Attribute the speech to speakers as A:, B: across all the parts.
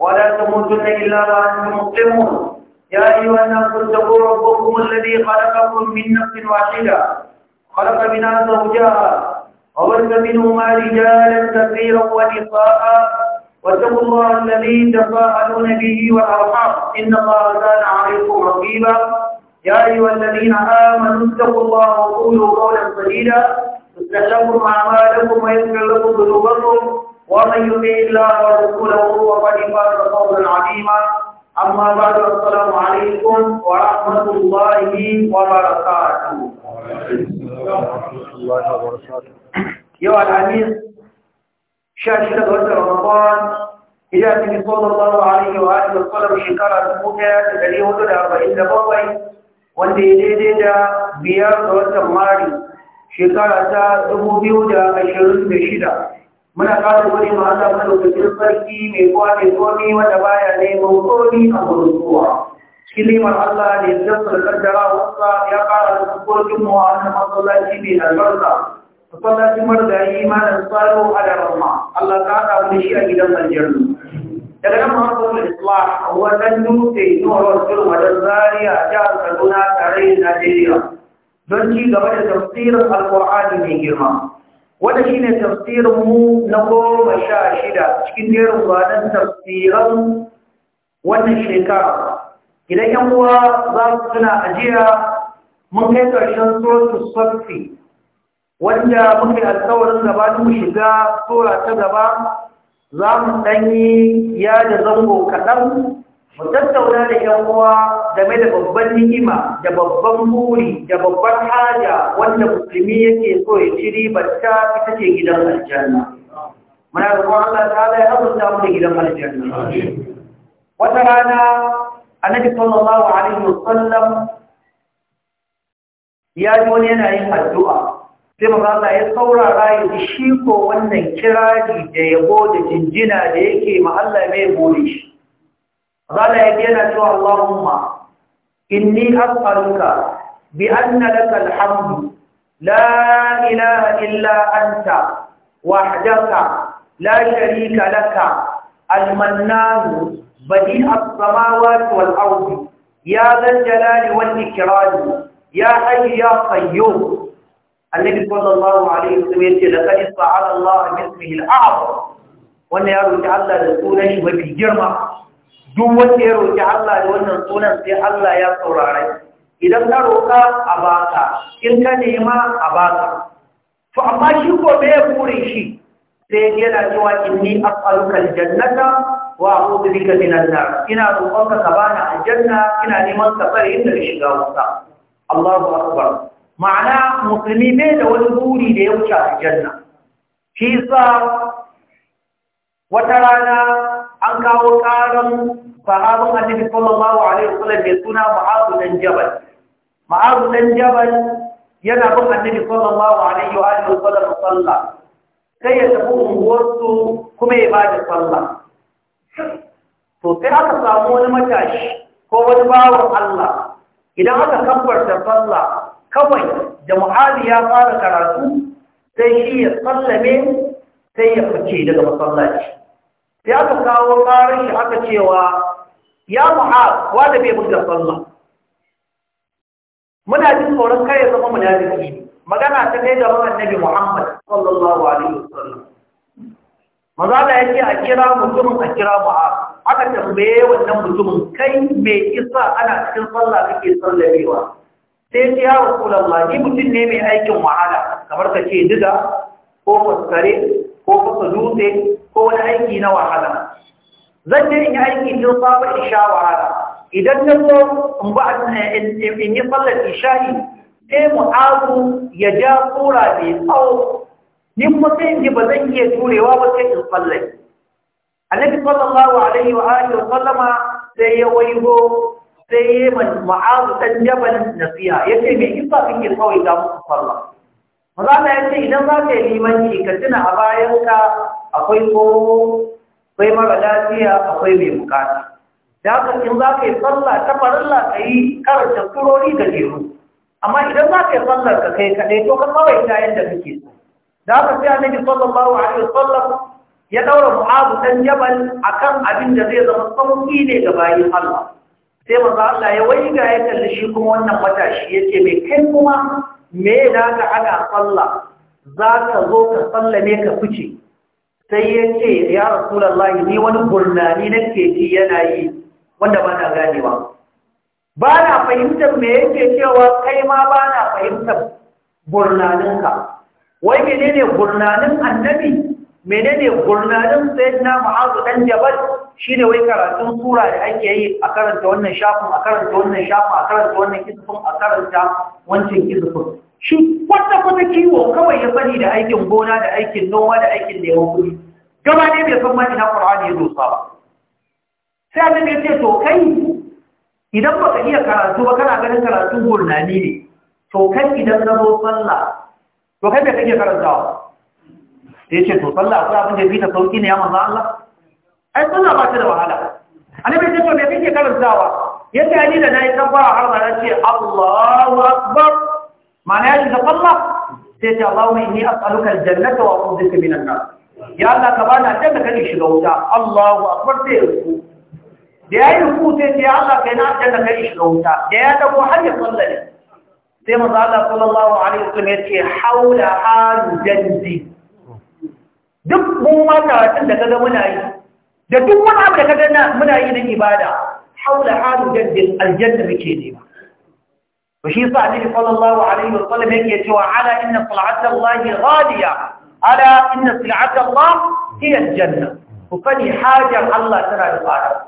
A: ولا تموتن إلا وأنتم مسلمون يا أيها الناس اتقوا ربكم الذي خلقكم من نفس واحدة خلق منها زوجها وبث منهما رجالا كثيرا ونساء واتقوا الله الذي تساءلون به والأرحام إن الله كان عليكم رقيبا يا أيها الذين آمنوا اتقوا الله وقولوا قولا سديدا يصلح لكم أعمالكم ويغفر لكم ذنوبكم ومن يطع الله ورسوله فقد فاز فوزا عظيما اما بعد السلام عليكم ورحمه الله وبركاته يوم الخميس شاشة وقت رمضان صلى الله عليه وآله وسلم شكرا لك تدري وقت أربعين دبوي wanda ya daidai da muna ƙara gode ma Allah madaukakin sarki mai kowa mai komi wanda baya neman komi a gurin kowa cikin Allah ne jasar kaddara wasa ya ƙara da sukokin mu a wannan masallaci mai albarka masallacin yi malam tsaro a da rama Allah ka haɗa mu shi a gidan aljanna daga nan mahaifin islam a wannan dutse nuwar turma don a jihar kaduna tare da najeriya don ci gaba da tafsirin alƙur'ani mai girma wanda shi ne tafsirinmu na goma sha shida cikin jerin gwanon tafsiran wannan shekara idan yan uwa za su suna ajiya mun kai ƙarshen sosu sosu wanda muke alkawarin gabatin mu shiga tsora ta gaba za mu ɗanyi ya da zango kaɗan mu tattauna da ‘yan uwa game da babban ni'ima da babban buri da babban haja wanda musulmi yake so ya ci ta ita ce gidan aljanna. Muna roƙon Allah ta ya azurta mu da gidan aljanna. Wata rana Annabi sallallahu alaihi wasallam ya ji wani yana yin addu'a. Sai maza Allah ya saurara ya ji shi ko wannan kirari da yabo da jinjina da yake ma Allah mai bore shi. Rada yadda yana cewa Allahumma inni as'aluka bi anna laka alhamdu la ilaha illa anta wahdaka la sharika laka al-mannan badi as-samawati wal ardi ya dhal jalali wal ikram ya hayy ya qayyum annabi sallallahu da wasallam yace laqad ista'ala Allah bismihi al-a'zam wannan ya rubuta Allah da sunan shi mafi girma duk wanda ya roƙi Allah da wannan sunan sai Allah ya saurare idan ka roƙa a baka in ka nema a baka to amma shi ko me ya shi sai yana cewa inni as'aluka aljannata wa a'udhu bika minan nar ina roƙonka ka bani aljanna ina neman ka tsare inda shiga wuta Allahu akbar ma'ana musulmi bai da wani buri da ya wuce aljanna shi sa wata rana an kawo karan sahabin annabi sallallahu alaihi wasallam mai suna ma'azu dan jabal ma'azu dan jabal yana bin annabi sallallahu alaihi wa alihi wasallam sallah sai ya tafi unguwarsu kuma ya bada sallah to sai aka samu wani matashi ko wani bawan Allah idan aka kabbarta sallah kawai da muhali ya fara karatu sai shi ya sallame sai ya fice daga masallaci sai aka kawo ƙarar shi aka cewa ya mu'az wanda bai buga sallah muna jin tsoron kai ya zama munafiki magana ta kai gaban annabi Muhammad sallallahu alaihi wasallam maza da yake a kira mutumin a kira mu'az aka tambaye wannan mutumin kai me isa ana cikin sallah kake sallamewa sai ce ya rasulullah ni mutum ne mai aikin wahala kamar ka ce diga ko fuskare ko fasa dutse ko wani aiki na wahala zan je in yi aiki tun safa isha wahala idan na zo in ba in yi sallar isha'i sai mu'azu ya ja tsura mai tsawo ni kuma sai in ji ba zan iya turewa ba sai in sallar annabi sallallahu alaihi wa alihi wa sallama sai ya waigo sai ya yi mu'azu dan jabal nasiha ya ce mai isa kake kawai ga muku sallah maza ya ce idan za ka yi limanci ka tuna a bayanka akwai tsoro akwai mara lafiya akwai mai bukata da haka in za ka yi sallah ta farilla ka yi karanta turori da jeru amma idan za ka yi sallar ka kai kaɗai to ka yi ta yadda kake so da haka sai annabi sallallahu alaihi wasallam ya ɗaura mu'azu dan jabal akan abin da zai zama sauki ne ga bayin Allah sai manzo Allah ya ga ya kalli shi kuma wannan matashi yace mai kai kuma me da ka haɗa sallah za ka zo ka ne ka fice sai ya ce ya lahi ni wani gurnani na keji yana yi wanda ba na ganewa ba na fahimtar me yake cewa kai ma ba na fahimtar gurnaninka wai ne gurnanin annabi ne gurnanin sayyidina mu'azu dan jabal ne wai karatun tura da ake yi a karanta wannan shafin a karanta wannan shafin a karanta wannan kisufin a karanta wancan kisufin shi kwata-kwata kiwo kawai ya sani da aikin gona da aikin noma da aikin neman kuɗi gaba ne bai san mani na ƙur'ani ya dosa ba sai an ne ce to kai idan ba ka iya karatu ba kana ganin karatu gurnani ne to kai idan na zo sallah to kai bai karanta iya karantawa ya ce to sallah akwai abin da fita fi ta sauki ne ya manzo Allah ai sallah ba ta da wahala annabi ya ce to me kake karantawa yace ani da nayi tabbara har ma na ce Allahu akbar ma'ana ya shiga falla sai ce Allahumma inni as'aluka aljannata wa a'udhu bika minan nar ya Allah ka bani aljanna kada shiga wuta Allahu akbar sai ya ruku da ya yi ruku sai ya Allah kai na aljanna kada shiga wuta da ya dago har ya sallale sai manzo Allah sallallahu alaihi wasallam ya ce haula aljanni duk mu ma tun da kaga muna yi da duk wani abu da kaga muna yi na ibada haula halu jaddin aljanna muke nema وشي صعدين صلى الله عليه وسلم هي على إن صلعة الله غالية على إن صلعة الله هي الجنة وفني حاجة الله ترى الفارة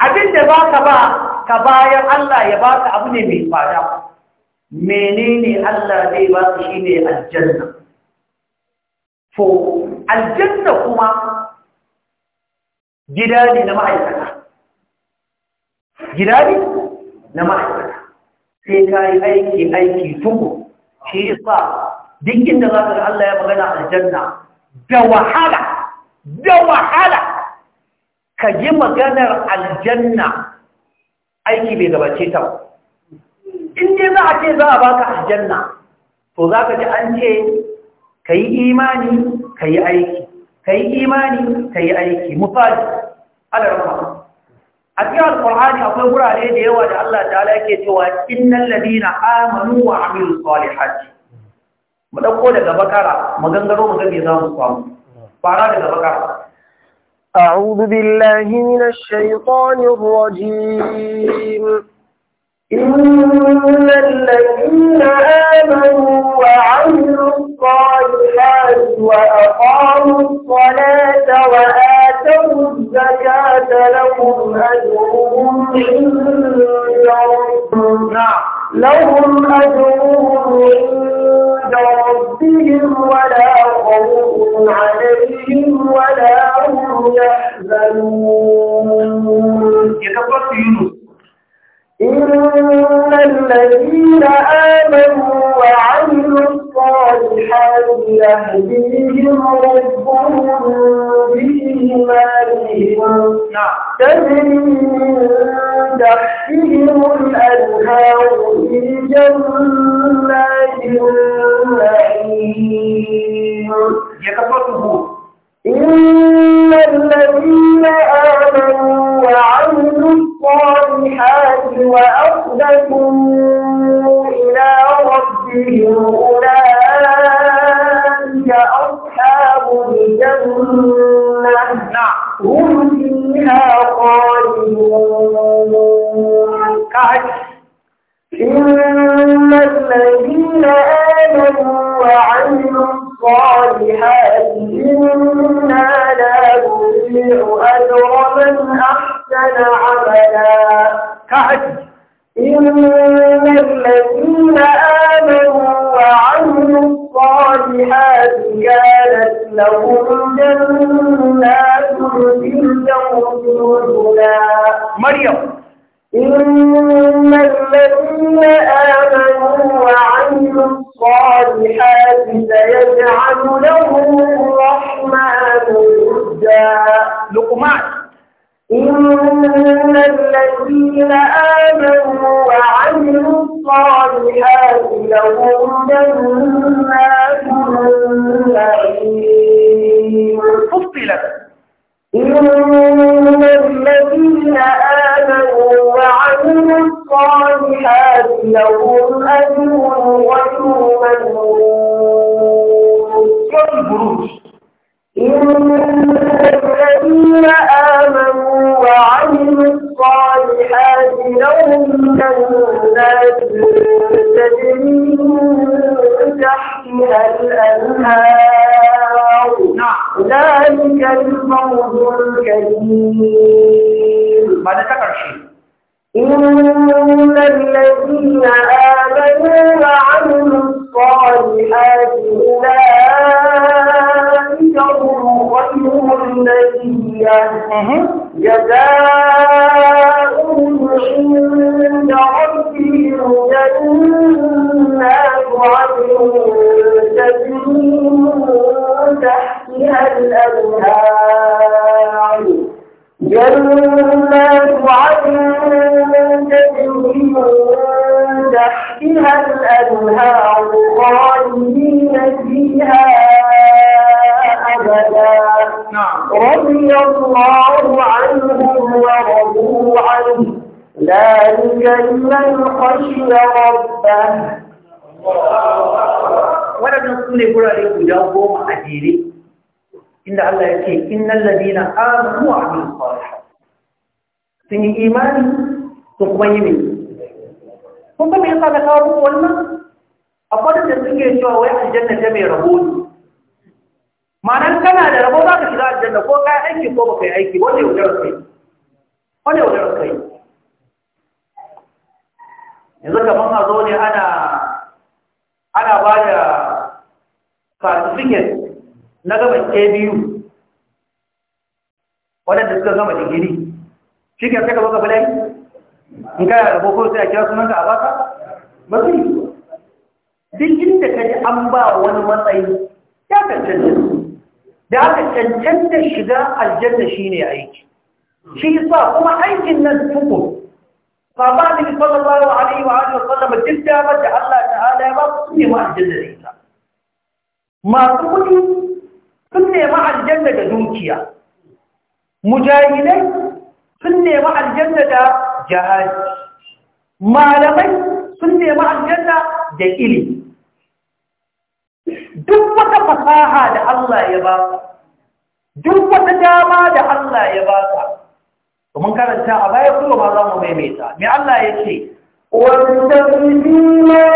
A: عدد باك با كبايا الله يباك أبني من فارة منين الله يباك هنا الجنة فالجنة هو جلالي نمائي جلالي نمائي sai ka yi aiki aiki tuku shi isa duk inda za ka ga Allah ya magana aljanna da wahala da wahala ka ji maganar aljanna aiki bai gabace ta ba in dai za a ce za a baka aljanna to za ka ji an ce ka yi imani ka yi aiki ka yi imani ka yi aiki misali alarma a cikin alƙur'ani akwai wurare da yawa da Allah ta'ala yake cewa innal ladina amanu wa amilus salihati mu dauko daga bakara mu gangaro mu ga me za mu samu fara daga bakara أعوذ بالله من الشيطان الرجيم إن الذين آمنوا وعملوا الصالحات وأقاموا الصلاة وآتوا وآتوا الزكاة لهم أجرهم عند نعم. لهم أجرهم عند ربهم ولا خوف عليهم ولا هم يحزنون إن الذين آمنوا وعملوا صالحا يهديهم ربهم بإيمانهم تجري من تحتهم الأنهار في جنات النعيم إن الذين آمنوا وعملوا الصالحات وأخذتم فيهم أولئك أصحاب الجنة نعم. هم فيها خالدون إن الذين آمنوا وعملوا الصالحات إنا لا نضيع أجر من أحسن عملا كعد إن لهم جنات الفردوس نزلا مريم إن الذين آمنوا وعملوا الصالحات سيجعل لهم الرحمن ودا لقمان إن الذين آمنوا وعملوا الصالحات لهم جنات النعيم فصلت إن الذين آمنوا وعملوا الصالحات لهم أجر غير ممنون إن الذين آمنوا وعملوا الصالحات لهم جنات تجري من تحتها الأنهار ذلك الفوز الكبير إن الذين آمنوا وعملوا الصالحات أولئك خير الذي جزاؤهم عند ربهم جنات عدن تجري من تحتها الأنهار جنات عدن تجري من تحتها الأنهار خالدين فيها رضي الله عنهم ورضوا عنه ذلك لمن خشي ربه waɗannan su ne gurare guda goma a jere inda Allah ya ce innan ladina amanu wa amin sun yi imani sun kuma yi mai kun ga me da kawo wannan akwai da suke cewa wai aljanna ta mai rabo ma'anar kana da rabo za ka shiga aljanna ko ka aiki ko baka yi aiki wani yau jarar kai wani yau kai yanzu kamar a zo ne ana ana ba da certificate na gaban abu waɗanda suka gama digiri shigar suka sai ka baka bilai in ka da ko sai a kira ka a baka ba su yi duk inda ka ji an ba wani matsayi ya su da aka cancanta shiga aljanna shine aiki shi yasa kuma aikin nan tukun sahabi sallallahu alaihi wa alihi wasallam duk da da Allah ta'ala ya ba su ne ma aljanna da ita masu kudi sun nema aljanna da dukiya mujahidai sun nema aljanna da jihadi malamai sun nema aljanna da ilimi duk wata fasaha da Allah ya baka duk wata dama da Allah ya baka mun karanta a baya kuma ma za mu maimaita me Allah ya ce وابتغ فيما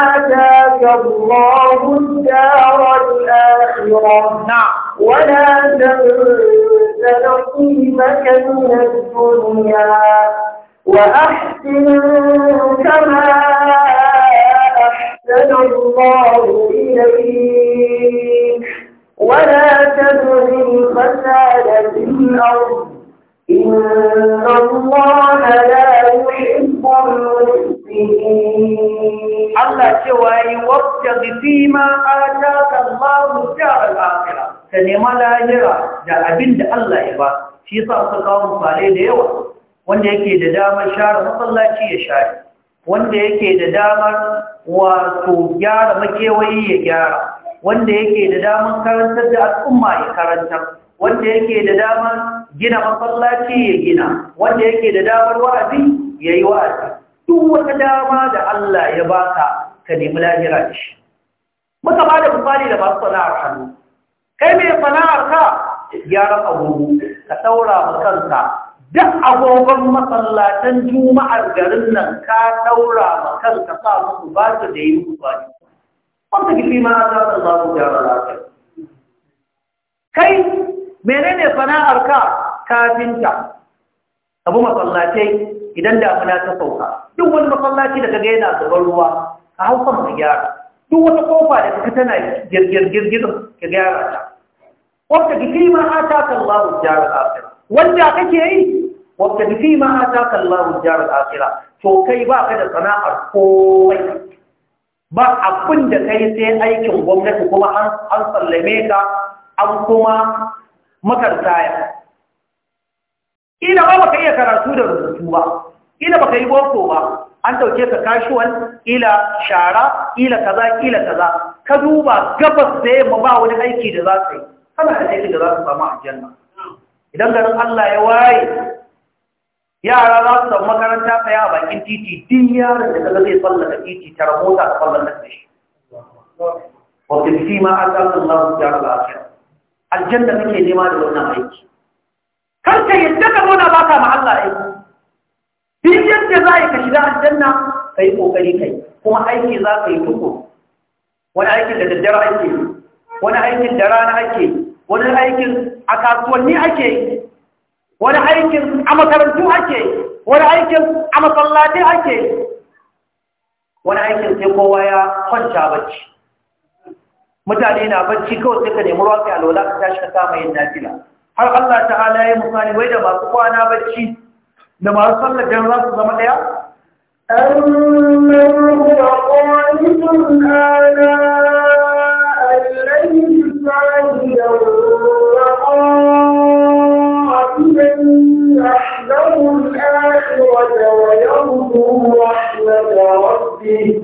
A: آتاك الله الدار الآخرة نعم ولا تنس نصيبك من الدنيا وأحسن كما أحسن الله إليك ولا تبغي الفساد في الأرض إن الله لا يحب Allah ce wa yi wata rufi ma a takar babu jihar al’afira, ta nema lahira da abinda Allah ya ba, shi yasa su kawo mutane da yawa, wanda yake da damar share matsalaci ya share. wanda yake da damar wato gyara makewayi ya gyara wanda yake da damar karantar da al'umma ya karanta wanda yake da damar gina masallaci ya gina wanda yake da damar wa'azi ya yi wa'azi duk wata dama da Allah ya baka ka nemi lahira da shi muka ba da misali da masu sana'ar hannu kai mai sana'ar ka gyaran agogo ka saura ma kanka duk agogon matsalatan juma'ar garin nan ka ɗaura ma kanka sa musu ba su da yi musu ba wanda ma a zafin za su gyara lafiya kai menene sana'ar ka kafinta abu matsalatai idan da damuna ta sauka duk wani masallaci da kaga yana gaban ruwa ka hau sama ka gyara duk wata kofa da kaga tana girgirgir ka gyara ta wanda ma gyara lafiya wanda kake yi wanda fi ma ataka Allahu jar to kai ba ka da sana'ar komai ba abin da kai sai aikin gwamnati kuma an sallame ka an kuma makartaya ina ba baka iya karatu da rubutu ba ina baka yi boko ba an dauke ka kashuwan ila shara ila kaza ila kaza ka duba gabas da yamma ba wani aiki da za ka yi kana da aikin da za ka samu aljanna idan garin Allah ya waye yara za su samu makaranta tsaya a bakin titi din yaron da kaga zai tsallaka titi tara mota ta tsallaka da shi wa kirsi ma a tsarin Allah su yara lafiya aljanna kake nema da wannan aiki kar ka yadda ka nuna ba ka ma Allah aiki duk yadda za ka shiga aljanna ka yi kokari kai kuma aiki za ka yi tuko wani aikin da daddare ake wani aikin da rana ake yi. wani aikin a kasuwanni ake wani aikin a makarantu ake wani aikin a masallatai ake wani aikin sai kowa ya kwanta bacci mutane na bacci kawai suka nemi ruwa kai alwala ka tashi ka kama yin nafila har Allah ta'ala ya musani wai da masu kwana bacci da masu sallar jan za su zama ɗaya
B: أَمَّنْ هُوَ
A: قَانِتٌ آنَاءَ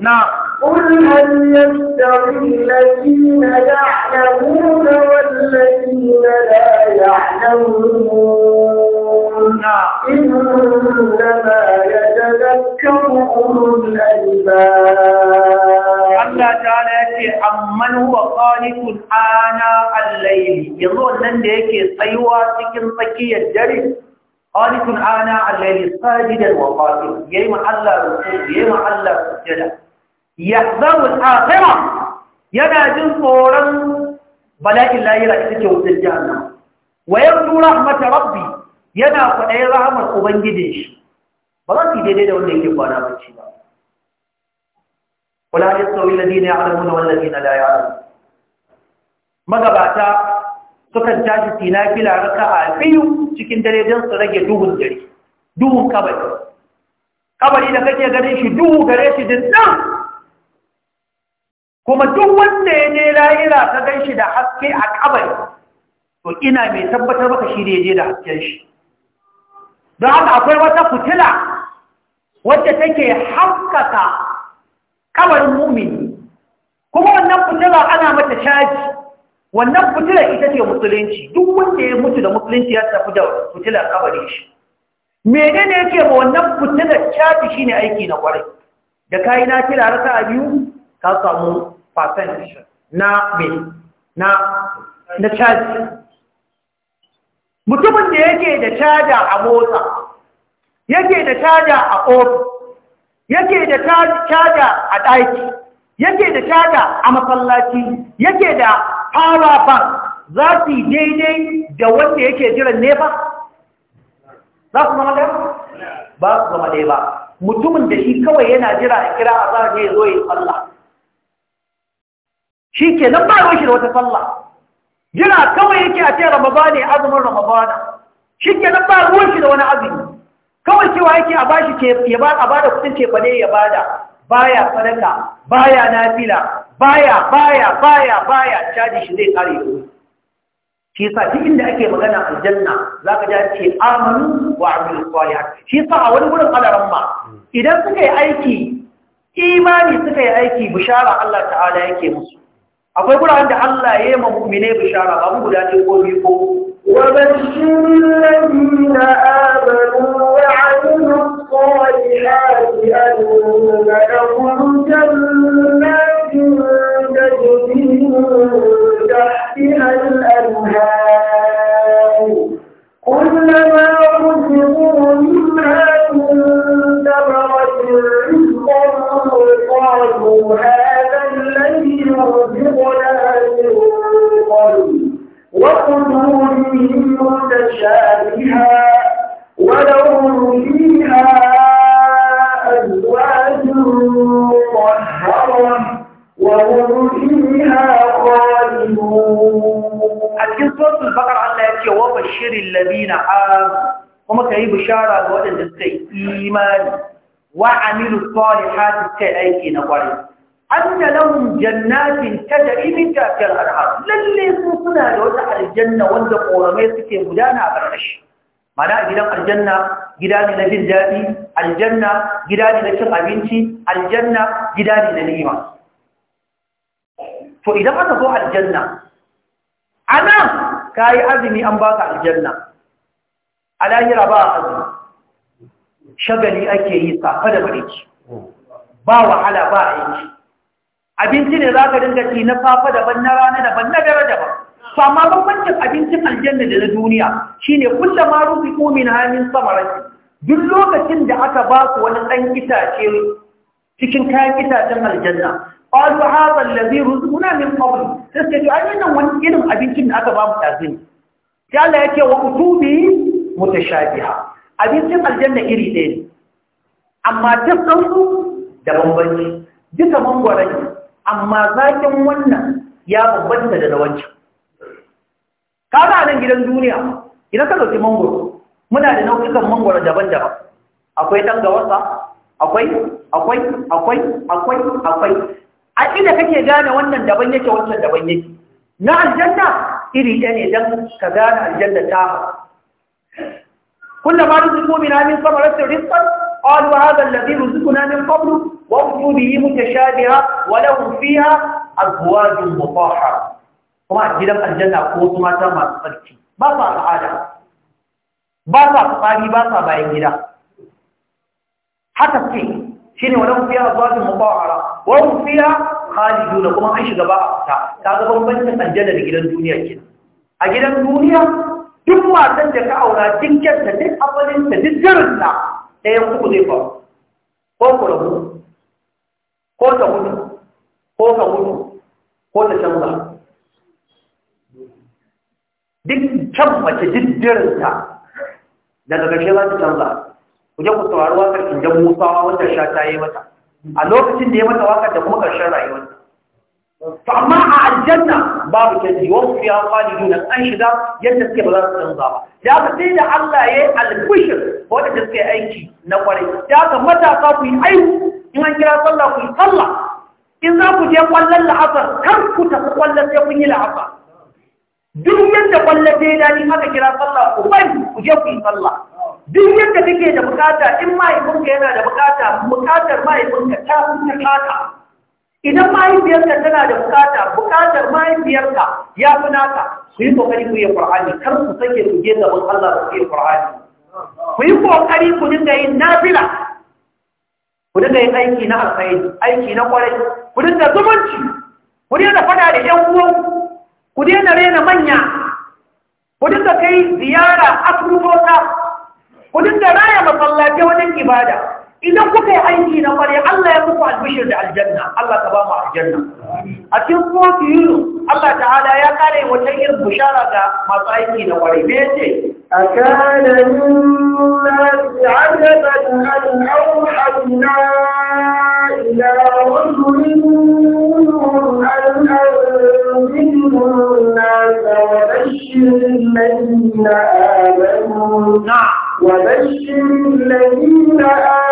A: نعم قل هل يستوي الذين يعلمون والذين لا يعلمون نعم إنما يتذكر أولو الألباب الله تعالى يقول أمن هو خالق آناء الليل يظن أن يكي سيوا سكن سكي الدرس خالق آناء الليل ساجدا وقاتلا يا محل رسول يا محل سجدا yahzaru al-akhirah yana jin tsoron bala'in lahira ita ce wutar jahannama wa tura mata rabbi yana faɗai rahmar ubangijin shi ba za su daidai da wanda yake kwana bacci ba Kula na wala yastawi alladhina ya'lamuna wal ladina la ya'lamun magabata sukan tashi tinafila a biyu cikin dare don su rage duhun dare duhun kabari kabari da kake ganin shi duhu gare shi din kuma duk wanda ya je lahira ta gan shi da haske a kabari to ina mai tabbatar maka shi da ya je da hasken shi don haka akwai wata fitila wadda take haskaka kabarin mumini kuma wannan fitila ana mata caji wannan fitilar ita ce musulunci duk wanda ya mutu da musulunci ya tafi da fitilar kabarin shi menene yake ma wannan fitilar caji shine aiki na kwarai da kayi na kira rasa biyu ka samu percent na me na na caji mutumin da yake da caja a mota yake da caja a ofis yake da caja a ɗaki yake da caja a masallaci yake da power bank za su yi daidai da wanda yake jiran nefa za su zama ɗaya ba su zama ɗaya ba mutumin da shi kawai yana jira a kira a zara ne zo yi Allah shi ke nan bayan shi da wata sallah jira kawai yake a ce ne azumin na. shi ke nan bayan shi da wani azumi kawai cewa yake a bashi ke ya ba a bada kudin ce fa ne ya bada baya sadaka baya nafila baya baya baya baya caji shi zai kare ku shi yasa duk inda ake magana aljanna zaka ji ce amanu wa amilu salihat shi yasa a wani gurin kalaran ma idan suka yi aiki imani suka yi aiki bishara Allah ta'ala yake musu akwai guraren Allah ya yi mu'mine bishara ba mu guda ce ko ko آمنوا وعملوا الصالحات أن لهم جنات من تحتها الأنهار كلما رزقوا منها من ثمرة رزقا قالوا هذا الذي رزقنا أشيابها ولهم فيها أزواج مطهرة وهم فيها خالدون أكيد صوت البقرة الله يأتي وبشر الذين آمنوا وما كان بشارة الوضع الإيمان وعملوا الصالحات كأيكي نقرأ أن لهم جنات تجري من تحت الأنهار للي سنا لوضع الجنة وند قورمي سكي غدانا برش mana gidan aljanna gida ne na jin daɗi aljanna gida ne na cin abinci aljanna gida ne na ni'ima to idan aka zo aljanna ana ka yi azumi an baka aljanna a lahira ba azumi shagali ake yi safa da bariki ba wahala ba aiki abinci ne za ka dinga ci na safa daban na rana daban na dare daban to amma bambancin abincin aljanna da na duniya shine kullama rufiqu min hamin samarati duk lokacin da aka ba su wani ɗan itace cikin kayan itacen aljanna qalu hadha allazi ruzquna min qabl sai wani irin abincin da aka ba mu tazin sai Allah yake wa utubi mutashabiha abincin aljanna iri ɗaya ne amma tafsan su da bambanci duka mangwaran amma zakin wannan ya bambanta da na wancan a nan gidan duniya idan ka dauki mangoro muna da nau'ikan mangoro daban-daban akwai dan gawasa akwai akwai akwai akwai akwai a ina kake gane wannan daban yake wannan daban yake na aljanna iri ɗaya ne dan ka gane aljanna ta kullama rizqu min amin samaratin rizqan qalu hadha alladhi rizquna min qablu ووجوده متشابهة ولهم فيها أزواج مطهرة kuma gidan aljanna ko wasu mata masu tsarki ba sa al'ada ba sa tsari ba sa bayan gida haka ce shine wannan fiya azwajin mubahara wa hum fiha khalidun kuma an shiga ba a fita ta ga bambancin aljanna da gidan duniya kenan a gidan duniya duk matan da ka aura duk kyanta duk abalinta duk jarinta ɗayan uku zai faru ko ku rabu ko ta hudu ko ta hudu ko ta canza duk can mace diddirinta daga ƙarshe za ta canza ku je ku saurari wakar kinjan musawa wanda sha ta yi mata a lokacin da ya mata wakar da kuma ƙarshen rayuwar to amma a aljanna babu canji wasu ya fali nuna an shiga yadda suke ba za su canza ba Ya aka sai da Allah ya yi alkushin wadda suke aiki na kwarai Ya aka matasa ku yi aiki in kira sallah ku yi sallah in za ku je kwallon la'asar kar ku tafi kwallon sai kun yi la'asar duk yadda kwallon sai dani aka kira sallah ku bari ku je ku yi sallah duk yadda kake da bukata in mahaifinka yana da bukata bukatar mahaifinka ta fi taka idan mahaifiyarka tana da bukata bukatar mahaifiyarka ya fi naka ku yi kokari ku yi qur'ani kar ku sake ku je gaban Allah ku yi qur'ani ku yi kokari ku dinga yin nafila ku dinga yin aiki na alkhairi aiki na kwarai ku dinga zumunci ku dinga faɗa da ƴan uwan ku dinga rena manya ku dinga kai ziyara asibitota ku dinga raya masallaci wajen ibada idan kuka yi aiki na kwari Allah ya muku albishir da aljanna Allah ka ba mu aljanna a cikin kotu yiro Allah ta'ala ya kare wata irin bushara ga masu aiki na kware me yace akana mimma ya'laban an awhayna ila rajulin an anzirun وبشر الذين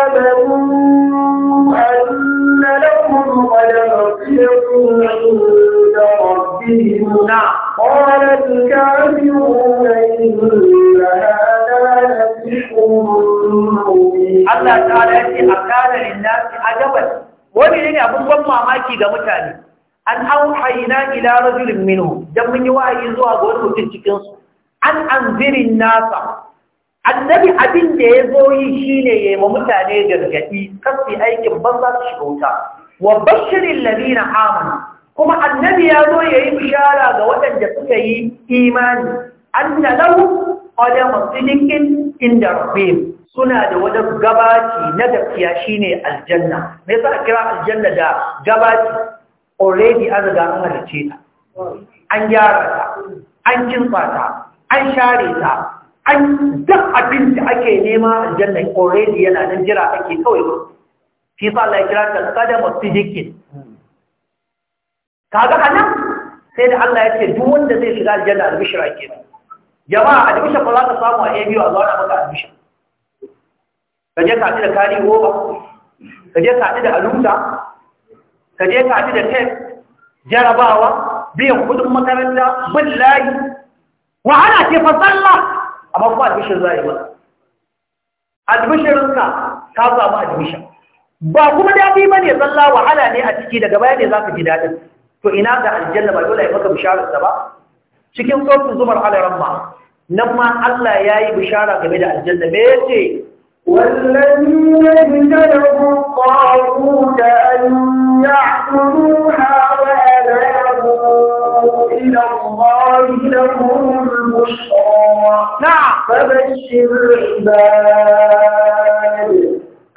A: آمنوا أن لهم مغفرة عند ربهم قال الكافرون إن هذا لسحر مبين الله تعالى يقول أكان للناس عجبا wani ne abin ban mamaki ga mutane an auhayna ila rajulin minhu dan mun yi wa'ayi zuwa ga wani mutum cikin su an anzirin nasa annabi abin da ya zo yi shine ya yi mutane gargadi kasi aikin banza su shiga wuta wa bashirin ladina amanu kuma annabi ya zo ya yi bishara ga waɗanda suka yi imani anna lahu masu sidiqin inda rabbihim suna da wani gabaci na gaskiya shine aljanna me yasa kira aljanna da gabaci already an riga an ta an gyara ta an kinsa ta an share ta an duk abin da ake nema aljanna already yana nan jira ake kawai ba shi sa Allah ya kira ta qadama sidiqin kaga anan sai da Allah ya ce duk wanda zai shiga aljanna albishra nan. jama'a admission ba za ka samu a ABU a zuwa maka admission ka je ka da kari ba, ka je ka da alumta ka je ka da test jarabawa biyan kudin makaranta billahi layi wa ana ce fa sallah amma kuma admission za a yi masa ka samu admission ba kuma daɗi ba ne zalla wahala ne a ciki daga baya ne za ka ji daɗin to ina ga aljanna ba dole ya maka bishararsa ba cikin sautin zumar alaramma nan ma Allah ya yi bishara game da aljanna me yace والذين اجتنبوا الطاغوت أن يعبدوها وأنابوا إلى الله لهم البشرى نعم فبشر عباد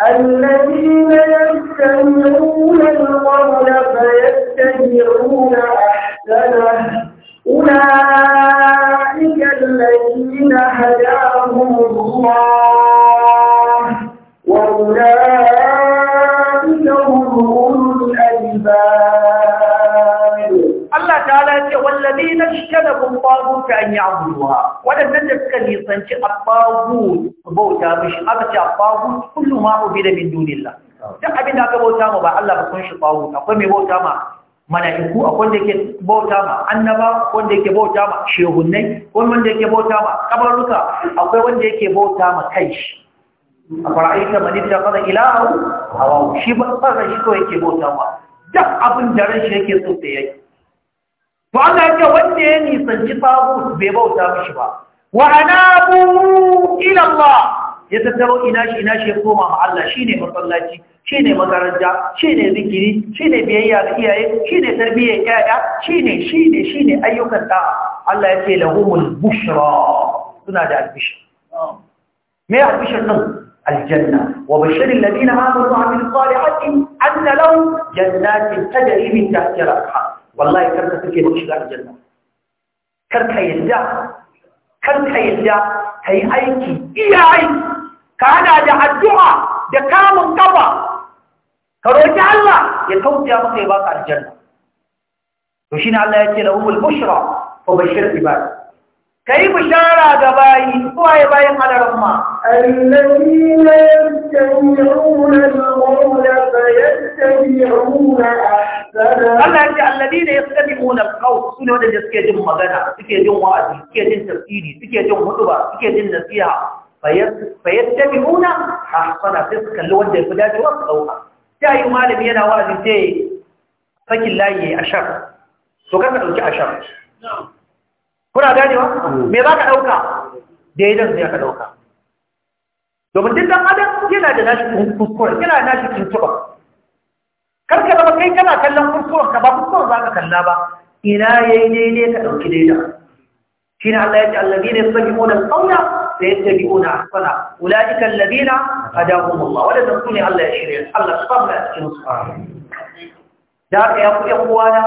A: الذين يستمعون القول فيتبعون أحسنه أولئك الذين هداهم الله Kun اجتنبوا الطاغوت أن يعبدوها ولم نجد كنيسا الطاغوت بوتا مش أبتع الطاغوت كل ما عبد من دون الله duk abin da aka bauta ma ba Allah ba kun shi tsawo akwai mai bauta ma mala'iku a wanda ke bauta ma annaba wanda yake bauta ma shehunnai wanda yake bauta ma kabaruka akwai wanda yake bauta ma kai shi a fara'aita mani ta fara ilahu hawa shi ba fara shi ko yake bauta ma duk abin da ran shi yake so sai yayi to Allah ya wanda ya nisanci tagut bai bauta mishi ba wa anabu ila Allah ya tattaro ina shi ina shi ya koma ma Allah shine masallaci shine makaranta shine zikiri shine biyayya ga iyaye shine tarbiyyar yaya shine shine shine ayyukan da Allah ya ce lahumul bushra suna da albishir me albishir din الجنة وبشر الذين آمنوا وعملوا الصالحات أن لهم جنات min من تحت الأنهار wallahi karka suke da shiga aljanna karka yadda karka yadda ka aiki iya aiki ka hada da addu'a da kamun kafa ka roƙi Allah ya kauce maka ya baka aljanna to shine Allah ya ce lahumul bushra fa bashir ibada كيف بشارة جباي هو يباي خلال ما الذين يستمعون القول فيتبعون أحسن الله يقول الذين يستمعون القول فيتبعون أحسن kuna ganewa hmm. me za ka ɗauka daidan zai ka ɗauka domin duk dan adam yana da nashi kuskuren yana da nashi tuntuɓa kar ka zama kai kana kallon kuskuren ka ba kuskuren za ka kalla ba ina ya yi daidai ka ɗauki daida shi ne Allah ya ce allabi ne sun bi'una ƙauna da ya ce bi'una a sana ula'ika allabi Labina a damun Allah wadda zan su ne Allah ya shirya Allah su fama a cikin su da aka ya kuɗin kowa na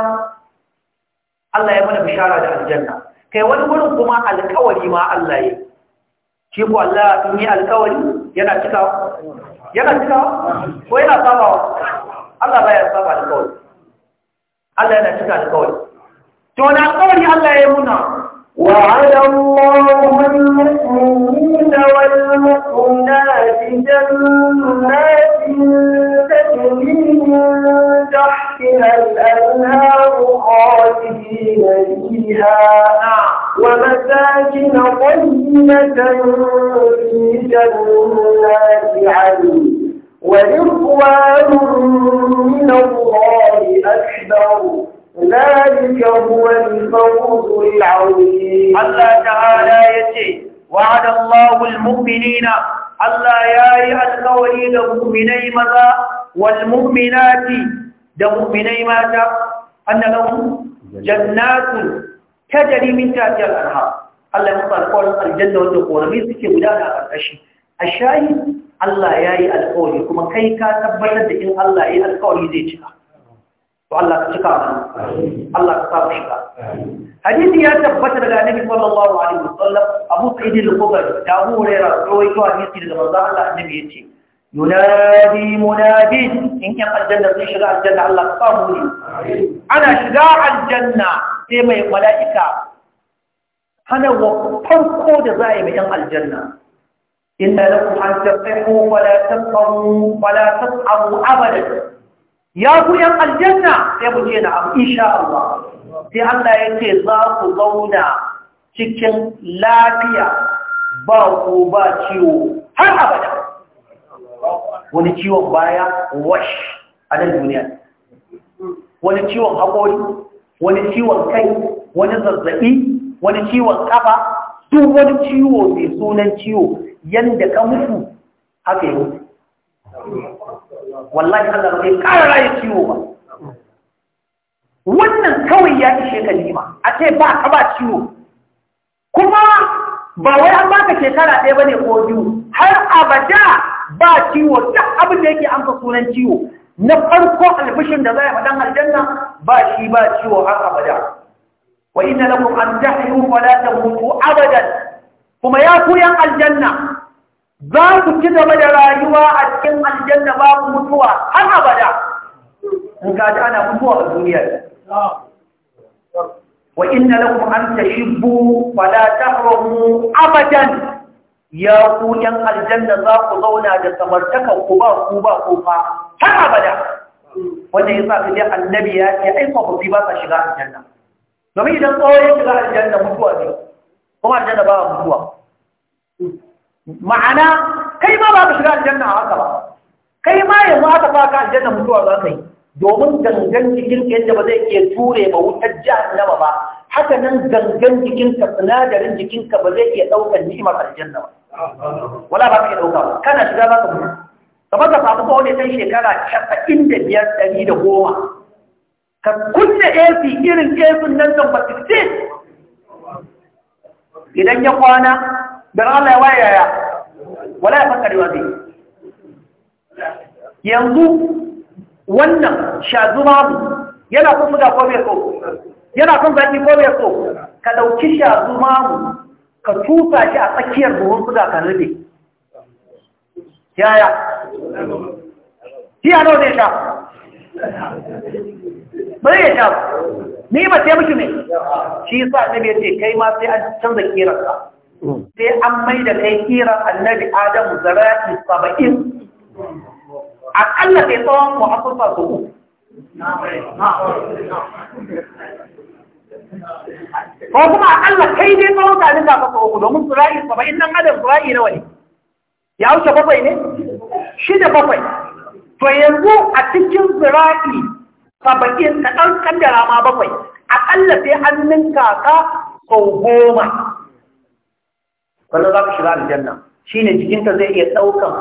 A: Allah ya mana bishara da aljanna kai wani wurin kuma alkawari ma Allah ya shi ko Allah in yi alkawari yana cika, yana cika ko yana saba Allah ba ya saba alkawari Allah yana cika alkawari to na alkawari Allah ya yi muna وعلى الله المؤمنين والمؤمنات جنات تجري من تحتها الأنهار خالدين فيها ومساكن طيبة في جنات عدن ورضوان من الله أكبر ذلك هو الفوز العظيم الله تعالى يتي وعد الله المؤمنين الله يا أيها القولين المؤمني مذا والمؤمنات دمؤمني ماذا أن لهم جنات تجري من تحت الأنهار الله يقول قول الجنة والنقور ميسك ولانا الأشي الشاهد الله يا أيها القولي كما كي كاتب بلد إن الله يا القولي ذي to Allah ka cika mu Allah ka sa mu shiga hadisi ya tabbata daga annabi sallallahu alaihi wasallam Abu Sa'id al-Khudri da Abu Hurairah rawaito hadisi daga manzo Allah annabi yace yunadi munadi in kan aljanna sai shiga aljanna Allah ka sa mu ana shiga aljanna sai mai mala'ika hana wa farko da za a yi mai yan aljanna inna lakum an tafihu wa la tasqamu wa la tasqamu abadan ya ku aljanna sai mu ce na insha Allah sai Allah ya ce za ku zauna cikin lafiya ba ku ba ciwo har abada wani ciwon baya wash a nan duniya wani ciwon hakori wani ciwon kai wani zazzaɓi wani ciwon kafa duk wani ciwo mai sunan ciwo yanda ka mutu haka yi mutu wallahi Allah ba zai ƙara rayu ciwo ba wannan kawai ya ishe ka a ce ba ka ba ciwo kuma ba wai an baka shekara ɗaya bane ko biyu har abada ba ciwo duk abin da yake amsa sunan ciwo na farko albishin da za a faɗan aljanna ba shi ba ciwo har abada wa inna lakum an tahyu wa la tamutu abadan kuma ya ku yan aljanna za ku ci gaba da rayuwa a cikin aljanna babu mutuwa har abada in ka ji ana mutuwa a duniya wa inna lakum an tashibbu fala tahrumu abadan ya ku yan aljanna za ku zauna da samartaka ku ba ku ba ku fa har abada wanda ya sa dai annabi ya ce ai ku ba sa shiga aljanna domin idan tsawo shiga aljanna mutuwa ne kuma aljanna ba mutuwa ma'ana kai ma ba ka shiga aljanna a haka ba kai ma yanzu aka sa ka aljanna mutuwa za ka yi domin gangan jikin yadda ba zai iya ture ba wutar jahannama ba haka nan gangan jikinka sinadarin jikinka ba zai iya ɗaukar ni'imar aljanna ba wala ba ka iya ɗauka ba kana shiga za ka mutu kamar ka samu ko wani ɗan shekara casa'in da biyar ɗari da goma ka kunna AC irin AC nan kan ba idan ya kwana dan Allah ya waye wala ya fakarewa zai yanzu wannan shazu babu yana son buga ko bai so yana son zaki ko bai so ka ɗauki shazu babu ka tusa shi a tsakiyar buhun suga ka rufe yaya tiya nawa zai sha bai ya sha ni ba sai miki ne shi yasa ne ya ce kai ma sai an canza kiransa sai an mai da kai kira annabi adamu zarafi saba'in aƙalla kai tsawon mu a kusa su ku
B: ko kuma aƙalla kai
A: dai tsawon da nika ka ku. domin zarafi saba'in nan adam zarafi nawa ne ya wuce bakwai ne shida bakwai to yanzu a cikin zirafi saba'in na ɗan kandara ma bakwai aƙalla sai an ninka ka sau goma wannan za ka shiga aljanna shine jikinta zai iya ɗaukan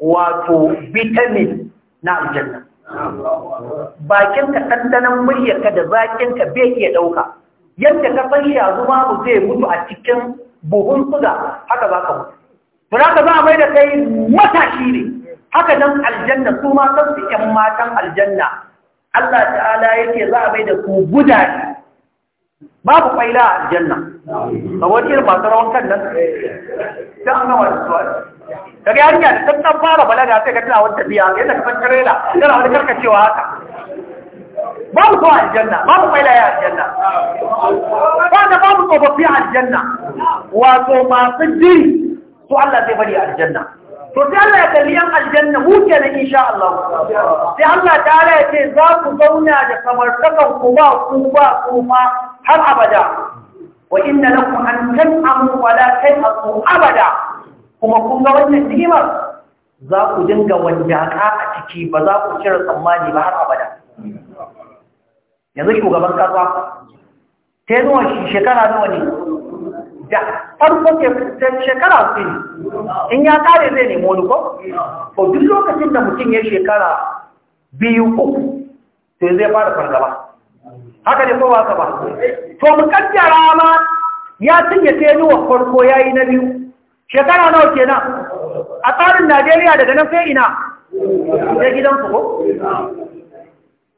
A: wato vitamin na aljanna bakinka ɗanɗanon muryarka da bakinka bai iya ɗauka yadda ka san shazu babu zai mutu a cikin buhun suga haka za ka mutu ba ka za a mai da kai matashi ne haka nan aljanna su ma san su ‘yan matan aljanna Allah ta'ala yake za a mai da ku gudaje babu kwaila a aljanna a wani irin masu rawan kan nan da an gama da da ga yariya da ta ɗan fara balaga sai ka tana wani tafiya yadda ka san trailer na wani karkacewa haka babu kowa aljanna babu kwaila ya aljanna ba da babu tsofaffi aljanna wato masu jiri su Allah zai bari aljanna to sai Allah ya kalli yan aljanna mu kenan insha Allah sai Allah ta'ala ya ce za ku zauna da samartakan ku ba ku ba ku ma har abada wa inna lakum an tan'amu wa la tan'amu abada kuma kun ga wannan ni'imar za ku dinga wanjaka a ciki ba za ku cire tsammani ba har abada yanzu shugaban kasuwa yi zuwa shekara nawa ne da farko shekara su in ya kare zai ne wani ko? ko duk lokacin da mutum ya shekara biyu uku sai zai fara fargaba haka ne kowa ka ba to mu rama ya cinye ta yi wa farko ya yi na biyu shekara nawa ke nan a tsarin najeriya daga nan sai ina sai gidan su ko?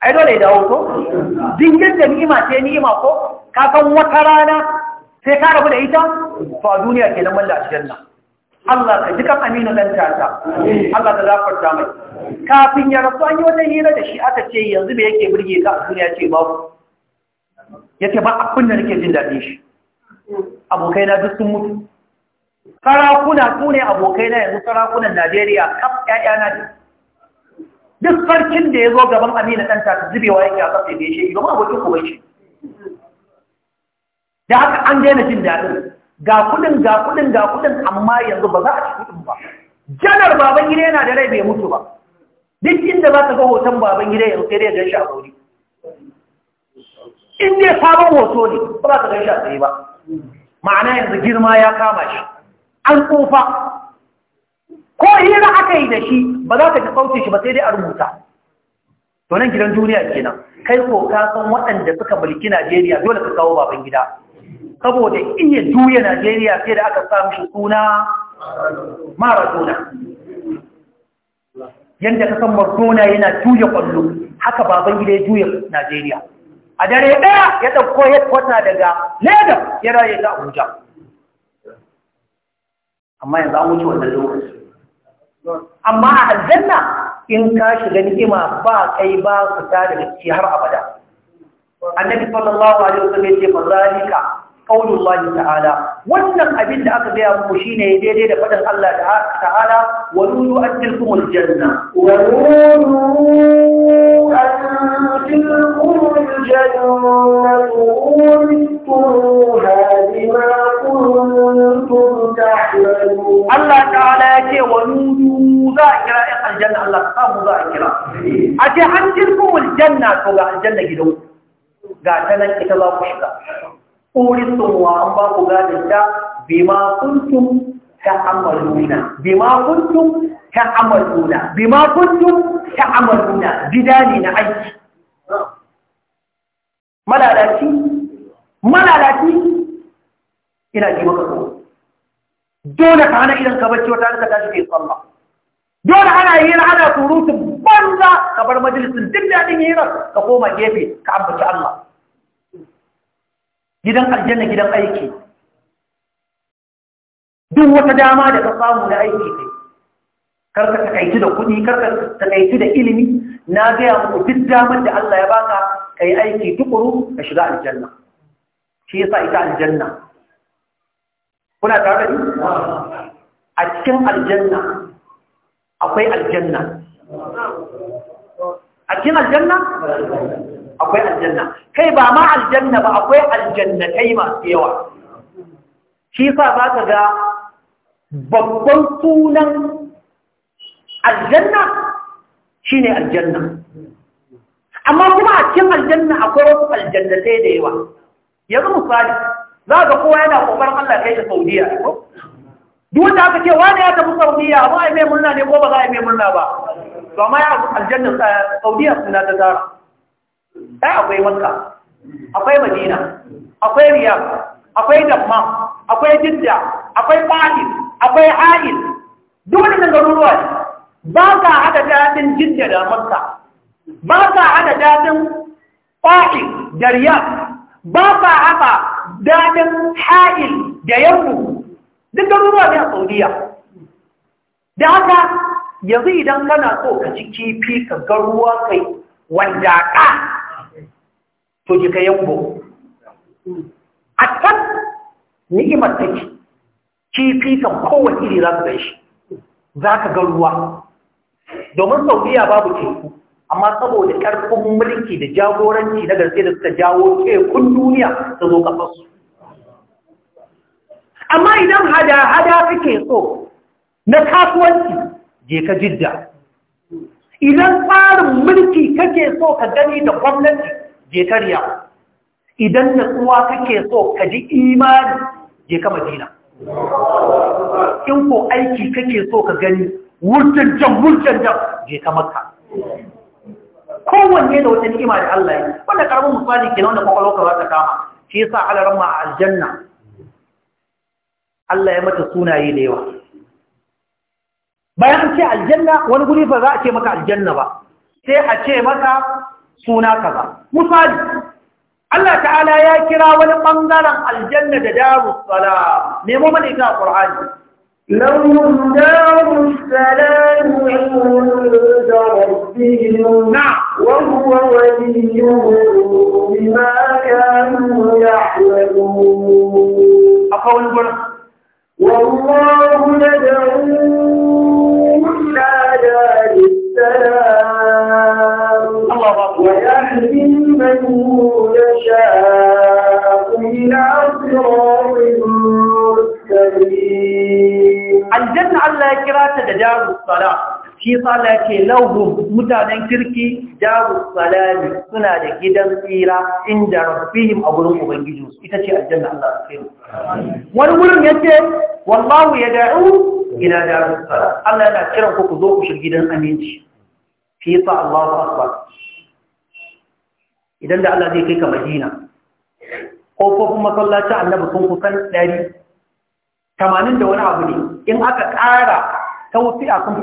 A: ai dole da hoto din yadda ni'ima ce ni'ima ko kakan wata rana sai ka rabu da ita to a duniya a cikin nan. Allah ka ji kan amina dan tata Allah ka zafarta mai kafin ya rasu an yi wata hira da shi aka ce yanzu mai yake burge ka a duniya ce Ya ce ba a kunna nake jin daɗe shi abokai na duk sun mutu sarakuna su ne abokai na yanzu sarakunan Najeriya kaf ƴaƴana ne duk farkin da ya zo gaban amina ɗan tata zubewa yake a kafin da ya shi gaban abokin ku bai shi da haka an daina jin daɗin ga kudin ga kudin ga kudin amma yanzu ba za a ci kudin ba janar baban gida yana da rai bai mutu ba duk inda za ka ga hoton baban gida yanzu sai dai ga shi a gauri in dai sabon hoto ne ba za ka ga shi a tsaye ba ma'ana yanzu girma ya kama shi an tsufa ko hira aka yi da shi ba za ka ji sauke shi ba sai dai a rubuta to nan gidan duniya kenan kai ko ka san waɗanda suka mulki Najeriya dole ka kawo baban gida saboda iya juya Najeriya sai da aka samu shi suna Maradona. Yanda ka san Maradona yana juya kwallo, haka baban gida ya juya Najeriya. A dare ɗaya ya ɗauko ya kwata daga Lagos ya raye ta Abuja. Amma yanzu an wuce wannan lokaci. Amma a aljanna in ka shiga ni'ima ba kai ba fita daga ciki har abada. Annabi sallallahu alaihi wasallam ya ce fa zalika qaulullahi ta'ala wannan abin da aka gaya muku shine daidai da faɗin Allah ta'ala wa nudu antilkumul janna wa nudu antilkumul janna Allah ta'ala yake wa nudu za a kira 'yan aljanna Allah ta samu za a kira a ce antilkumul janna to ga aljanna gidan ga ta nan ita za ku shiga urisun wa an ba ku gane ta bima kuntum ta'amaluna bima kuntum ta'amaluna bima kuntum ta'amaluna gida ne na aiki malalaci malalaci ina ji maka tsoro dole ka hana idan ka bacci wata ka tashi ke tsalla dole ana yi ana surutu banza ka bar majalisin duk daɗin yi ka koma gefe ka ambaci Allah gidan aljanna gidan aiki duk wata dama da ka samu na aiki kai karka takaitu da kuɗi karka takaitu da ilimi na gaya muku duk damar da Allah ya baka ka yi aiki tukuru ka shiga aljanna shi yasa ita aljanna kuna tare da ni a cikin aljanna akwai aljanna a cikin aljanna akwai aljanna kai ba ma aljanna ba akwai aljannatai masu yawa shi sa za ka ga babban sunan aljanna shi ne aljanna amma kuma a cikin aljanna akwai wasu aljannatai da yawa yanzu misali za ga kowa yana kokarin Allah kai da Saudiya ko duk wanda aka ce wani ya tafi Saudiya ba a yi mai murna ne ko ba za a yi mai murna ba to amma ya aljanna eh, Saudiya suna ta tara. ai akwai makka akwai madina akwai riyar akwai damma akwai jidda akwai qadim akwai ha'il duk ne garuruwa ne ba ka haɗa daɗin jidda da makka ba ka haɗa daɗin qadim da riyar, ba ka haɗa daɗin hail da yanku duk garuruwa ne a saudiya da haka yanzu idan kana so ka ci kifi ka ga ruwa kai wanda ƙa to ki ka yambo a kan ni'imar take kifi kan kowane iri za su shi za ka ga ruwa domin saudiya babu teku amma saboda ƙarfin mulki da jagoranci na gaske da suka jawo tekun duniya ta zo kafarsu amma idan hada-hada kake so na kasuwanci je ka jidda idan tsarin mulki kake so ka gani da gwamnati je karya! Idan na tsuwa kake so ka ji imani je ka madina in ko aiki kake so ka gani wurcan jan wurcan jan je ka makka kowanne da wata ni'ima da Allah yi wanda karamin misali ke wanda kwakwalwarka za ta kama shi yasa alaran ma aljanna Allah ya mata sunaye da yawa bayan an ce aljanna wani guri ba za a ce maka aljanna ba sai a ce maka suna kaza misali Allah ta'ala ya kira wani bangaren aljanna da darus salam nemo mana ita a Qur'ani lahum darus salam inda rabbihim wa huwa waliyuhum bima kanu ya'malun akwai wani gurin والله Aljanna Allah ya مستقيم الجنة الله كرات دار shi tsala ce lauhun mutanen kirki jaru salami suna da gidan tsira inda rafihim a wurin ubangijinsu ita ce aljanna Allah su kai wani wurin ya ce wallahu ya da'u ina jaru salam Allah yana kiran ku ku zo ku shiga gidan aminci fi sa Allahu akbar idan da Allah zai kai ka madina ƙofofin masallacin annabi sun kusan ɗari tamanin da wani abu ne in aka ƙara ta wafi a sun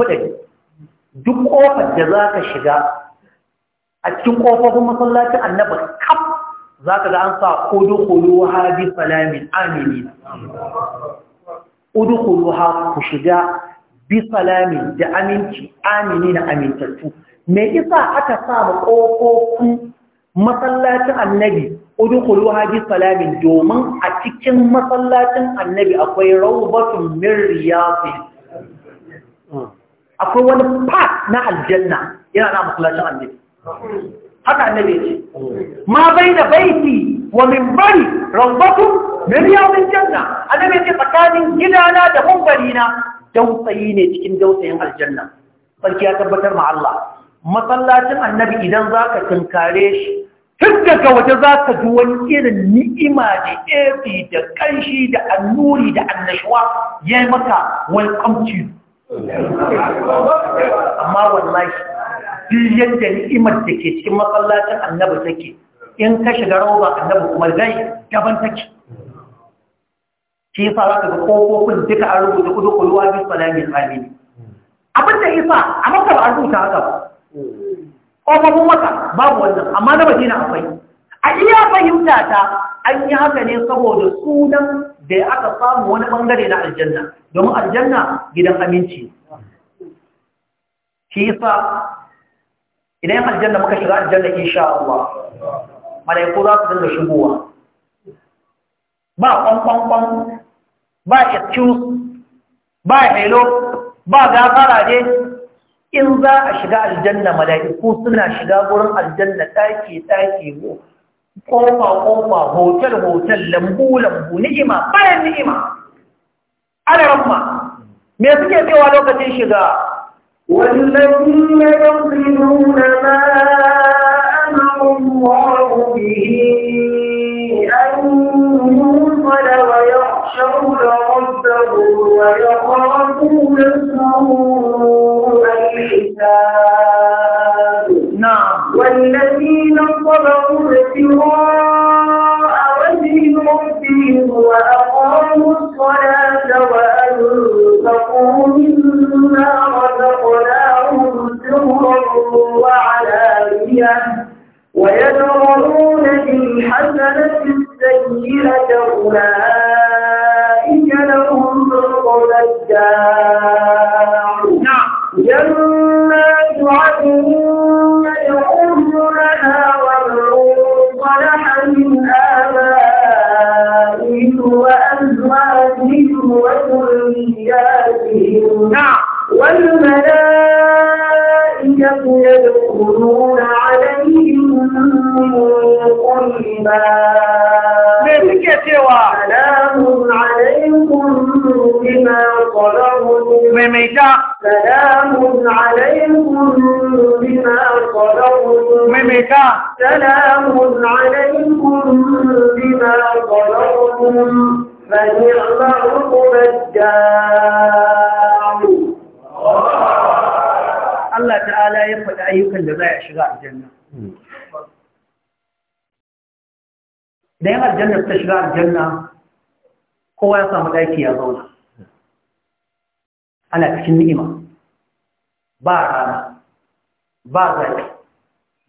A: duk ƙofar da za ka shiga a cikin ƙofofin masallacin annabi kaf za ka ga an sa ƙudu-ƙudu wahabi salamin amini ha ku shiga bi salamin da aminci amini na amintattu me isa aka sa ma ƙofofin masallacin annabi udkhulu hadi salamin domin a cikin masallacin annabi akwai rawbatun min riyasi akwai wani part na aljanna yana na masallacin annabi haka annabi ce ma bai da baiti wa minbari rawbatun min riyasi janna annabi ce tsakanin gidana da mumbarina dausayi ne cikin dausayin aljanna sarki ya tabbatar ma Allah masallacin annabi idan za ka tunkare shi tun daga waje za ka ji wani irin ni'ima da efi da ƙanshi da annuri da annashuwa ya yi maka welcome to amma wallahi duk yadda ni'imar da ke cikin masallacin annabi take in ka shiga roba annabi kuma zai daban take shi sa za ka ga ƙofofin duka an rubuta kudu kuluwa bisu salamin amini abin da isa a maka ba a rubuta haka ba ƙofofin maka babu wannan amma na bakina akwai a iya fahimta ta an yi haka ne saboda sunan da aka samu wani bangare na aljanna domin aljanna gidan aminci shi yasa idan aljanna muka shiga aljanna sha Allah malaiku za su dinga shigowa ba ƙwanƙwanƙwan, ba excuse ba hello ba gafara dai in za a shiga aljanna mala'iku suna shiga wurin aljanna ɗaki ɗaki kofa kofa hotel hotel lambu lambu ni'ima bayan ni'ima ana ramma me suke cewa lokacin shiga والذين يصلون ما أمر الله به أن يوصل ويخشون ربهم ويخافون سوء نعم والذين صبروا ابتغاء وجه ربهم وأقاموا الصلاة وأنفقوا مما رزقناهم سرا وعلانية ويدرؤون بالحسنة السيئة أولئك da yan janna ta shiga aljanna kowa ya samu daiki ya zauna ana cikin ni'ima ba rana ba zafi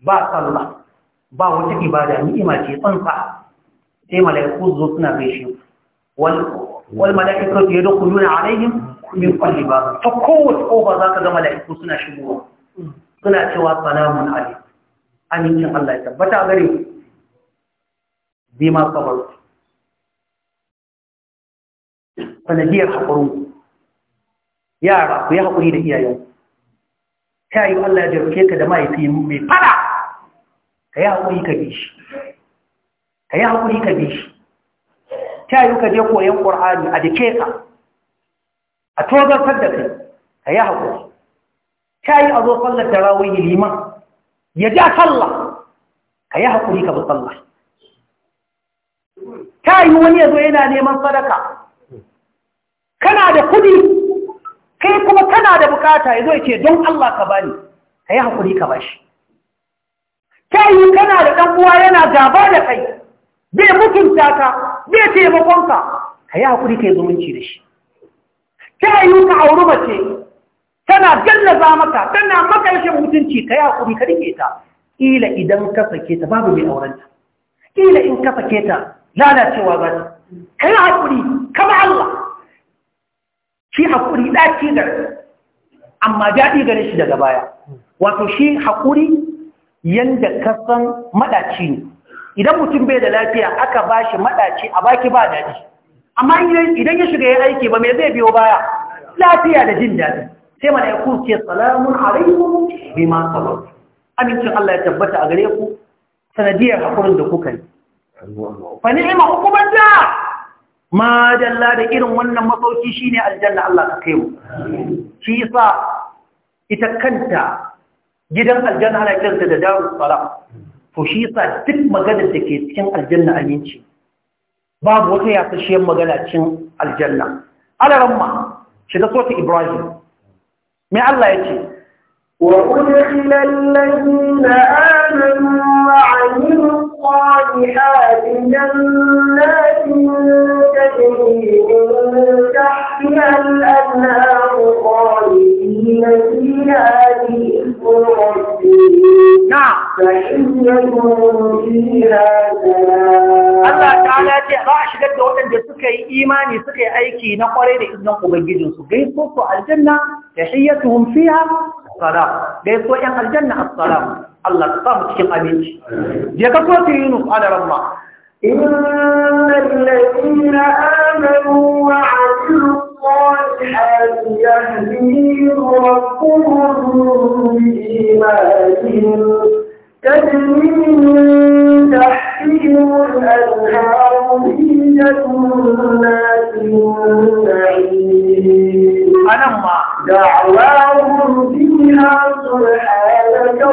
A: ba sallah ba wata ibada ni'ima ce tsantsa sai mala'iku zo suna gaishe wal wal mala'ikatu a alaihim min kwalli ba ta kowace za ka ga mala'iku suna shigowa suna cewa salamun alaikum amincin Allah ya tabbata gare ku bima sabaru sanadiyar haƙurin yara ku yi haƙuri da iyayen ta yi Allah ya jarfe ka da mahaifi mai fada ka yi haƙuri ka bishi. ka yi haƙuri ka bishi. ta yi ka je koyon ƙur'ani a dake ka a tozartar da kai ka yi haƙuri ta yi a zo sallar da rawayi liman ya ja sallah ka yi haƙuri ka bi sallah ta yi wani yazo yana neman sadaka kana da kudi kai kuma kana da bukata ya zo ce don Allah ka bani ka yi haƙuri ka bashi ta yi kana da ɗan uwa yana gaba da kai bai mutunta ka bai taimakon ka yi haƙuri ka zumunci da shi ta yi ka auri mace tana gallaza maka tana maka rashin mutunci ka yi haƙuri ka rike ta ƙila idan ka sake ta babu mai aurenta ƙila in ka sake ta lalacewa ba ta kai haƙuri kama Allah shi haƙuri ɗaki da amma daɗi gare shi daga baya wato shi haƙuri yadda kasan maɗaci ne idan mutum bai da lafiya aka ba shi maɗaci a baki ba daɗi amma idan ya shiga ya aiki ba mai zai biyo baya lafiya da jin daɗi sai mana ya kuce salamun alaikum bi ma amincin Allah ya tabbata a gare ku sanadiyar haƙurin da kuka yi fa ni'ma hukuman da ma dalla da irin wannan masauki shine aljanna Allah ka kai mu shi yasa ita kanta gidan aljanna ana kiranta da darus salam to shi yasa duk maganar da ke cikin aljanna aminci babu wata yasashiyar magana cikin aljanna ramma shi shiga sota ibrahim mai Allah ya ce وأدخل الذين آمنوا وعملوا الصالحات جنات تجري من تحتها الأنهار خالدين فيها بإذن ربهم Allah ta'ala ce za a shigar da waɗanda suka yi imani suka yi aiki na kwarai da izinin Ubangijinsu gaiso su aljanna da hiyyatuhum fiha salam so 'yan aljanna as-salam Allah ta samu cikin aminci je ka so ta yunus ala ramma inna alladhina amanu wa amilu الصالحات يهديهم ربهم بإيمانهم تجري من تحتهم الأنهار في جنات النعيم أنا ما دعواهم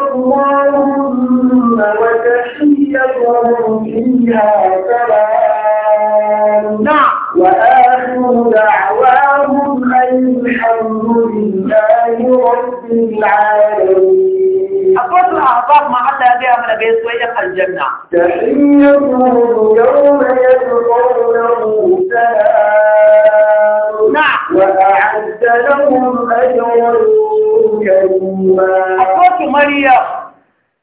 A: اللهم وتحيتهم فيها سلام نعم وآخر دعواهم أن الحمد لله رب العالمين أقول الأعضاء ما حتى بها من بيت ويقى الجنة تحيتهم يوم يلقى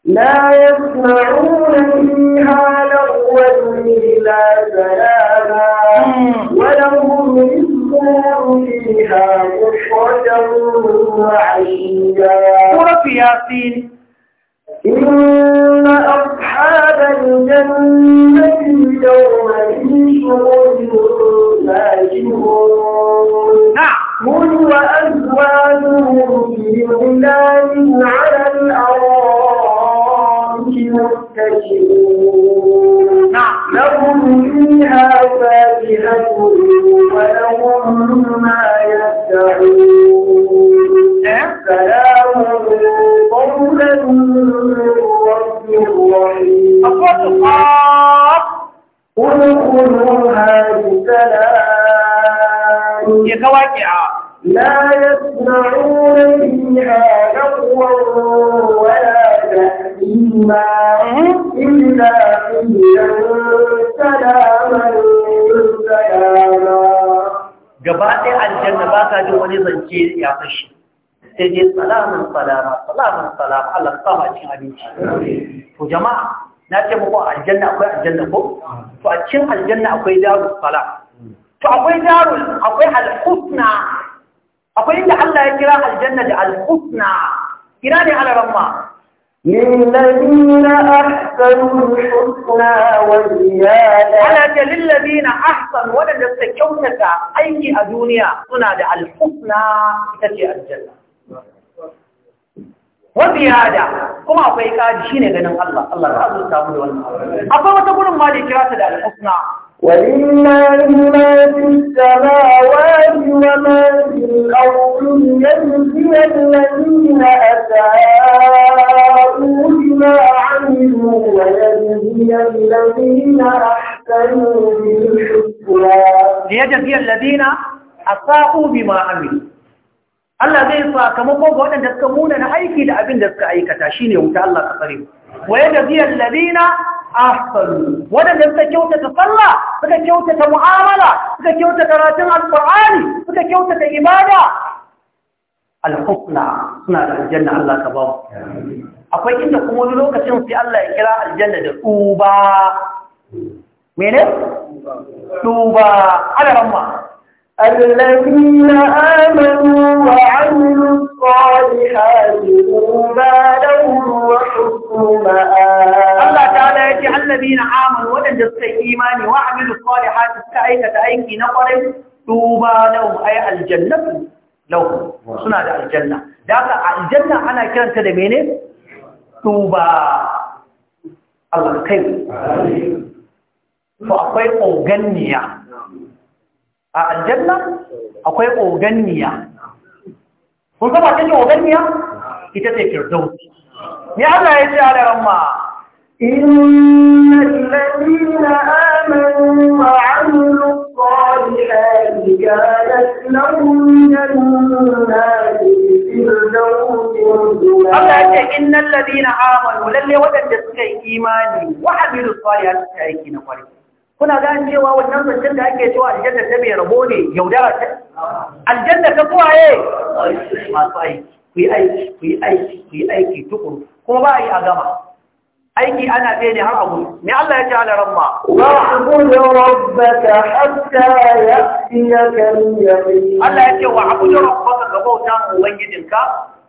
B: لا يسمعون
A: فيها لغوا إلا سلام إلا gaba ɗaya aljanna ba ka jin wani zance ya fashi sai dai salamun salama salamun salama Allah ka sama cin abinci to jama'a na ce muku aljanna akwai aljanna ko to a cikin aljanna akwai darus salam to akwai darul akwai al akwai inda Allah ya kira aljanna da al-husna ina ne alaran للذين أحسنوا الحسنى وزيادة على للذين أحسنوا ولد السكونة أي الدنيا تنادى الحسنى تتي الجنة وزيادة كما أقول لك شيء غنى الله الله رأى الله أقول لك ما لكرات الحسنى ولله ما في السماوات وما في الأرض ليجزي الذين أساءوا بما عملوا ويجزي الذين أحسنوا بالحسنى ليجزي الذين أساءوا بما عملوا Allah zai sakamakon ga waɗanda suka muna na aiki da abin da suka aikata shine wuta Allah ka tsare. Wa yadda ladina ahsanu wadanda suka kyautata sallah suka kyautata mu'amala suka kyautata karatun alqur'ani suka kyautata ibada alhusna suna da aljanna Allah ka ba akwai inda kuma wani lokacin sai Allah ya kira aljanna da tuba mene tuba ala ramma الذين آمنوا وعملوا الصالحات إيمانا وحسن مآب الله تعالى يجعل الذين آمنوا ولن إيماني وعملوا الصالحات استعيدة أيكي نقرب توبى لهم أي الجنة لهم سنة الجنة ذاك الجنة أنا كان تدمينه توبى الله خير فأقوي أوغنيا نعم. آه، الجنة أقوي أوغنيا kun san wata ce wadanniya ita ce firdausi me Allah ya ce a daren ma إن الذين آمنوا وعملوا الصالحات كانت لهم جنات الفردوس Allah ya ce innal ladina amanu lalle wadanda suka yi imani wa amilu salihati suka yi na kwarai kuna gane cewa wannan zancen da ake cewa aljanna ta mai rabo ne yaudara ta aljanna ta kuwaye masu aiki ku yi aiki ku yi aiki ku yi aiki tukuru kuma ba a yi a gama aiki ana ɗaya ne har abu me Allah ya ce ala ramma wa'bud rabbaka hatta ya'tiyaka al-yaqin Allah ya ce wa'bud rabbaka ka bauta ubangijinka